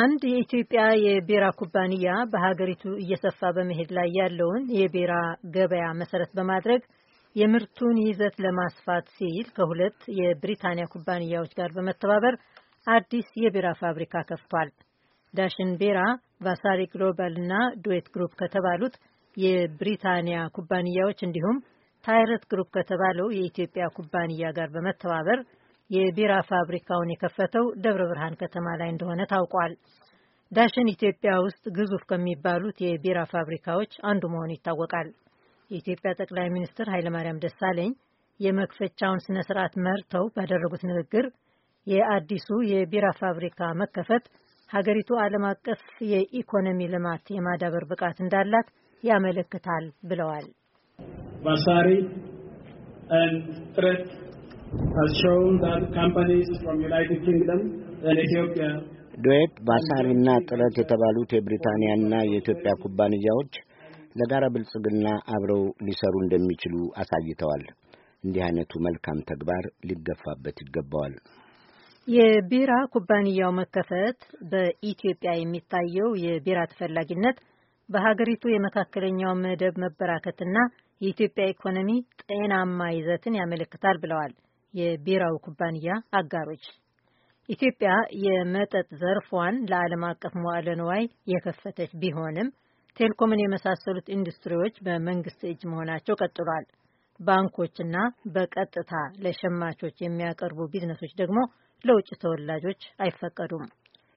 አንድ የኢትዮጵያ የቢራ ኩባንያ በሀገሪቱ እየሰፋ በመሄድ ላይ ያለውን የቢራ ገበያ መሰረት በማድረግ የምርቱን ይዘት ለማስፋት ሲል ከሁለት የብሪታንያ ኩባንያዎች ጋር በመተባበር አዲስ የቢራ ፋብሪካ ከፍቷል። ዳሽን ቢራ፣ ቫሳሪ ግሎባል እና ዱዌት ግሩፕ ከተባሉት የብሪታንያ ኩባንያዎች እንዲሁም ታይረት ግሩፕ ከተባለው የኢትዮጵያ ኩባንያ ጋር በመተባበር የቢራ ፋብሪካውን የከፈተው ደብረ ብርሃን ከተማ ላይ እንደሆነ ታውቋል። ዳሽን ኢትዮጵያ ውስጥ ግዙፍ ከሚባሉት የቢራ ፋብሪካዎች አንዱ መሆኑ ይታወቃል። የኢትዮጵያ ጠቅላይ ሚኒስትር ኃይለማርያም ደሳለኝ የመክፈቻውን ስነ ስርዓት መርተው ባደረጉት ንግግር የአዲሱ የቢራ ፋብሪካ መከፈት ሀገሪቱ ዓለም አቀፍ የኢኮኖሚ ልማት የማዳበር ብቃት እንዳላት ያመለክታል ብለዋል። ዶዌፕ ባሳርና ጥረት የተባሉት የብሪታንያና የኢትዮጵያ ኩባንያዎች ለጋራ ብልጽግና አብረው ሊሰሩ እንደሚችሉ አሳይተዋል። እንዲህ አይነቱ መልካም ተግባር ሊገፋበት ይገባዋል። የቢራ ኩባንያው መከፈት በኢትዮጵያ የሚታየው የቢራ ተፈላጊነት በሀገሪቱ የመካከለኛው መደብ መበራከትና የኢትዮጵያ ኢኮኖሚ ጤናማ ይዘትን ያመለክታል ብለዋል የቢራው ኩባንያ አጋሮች ኢትዮጵያ የመጠጥ ዘርፏን ለዓለም አቀፍ መዋዕለ ንዋይ የከፈተች ቢሆንም ቴሌኮምን የመሳሰሉት ኢንዱስትሪዎች በመንግስት እጅ መሆናቸው ቀጥሏል። ባንኮችና በቀጥታ ለሸማቾች የሚያቀርቡ ቢዝነሶች ደግሞ ለውጭ ተወላጆች አይፈቀዱም።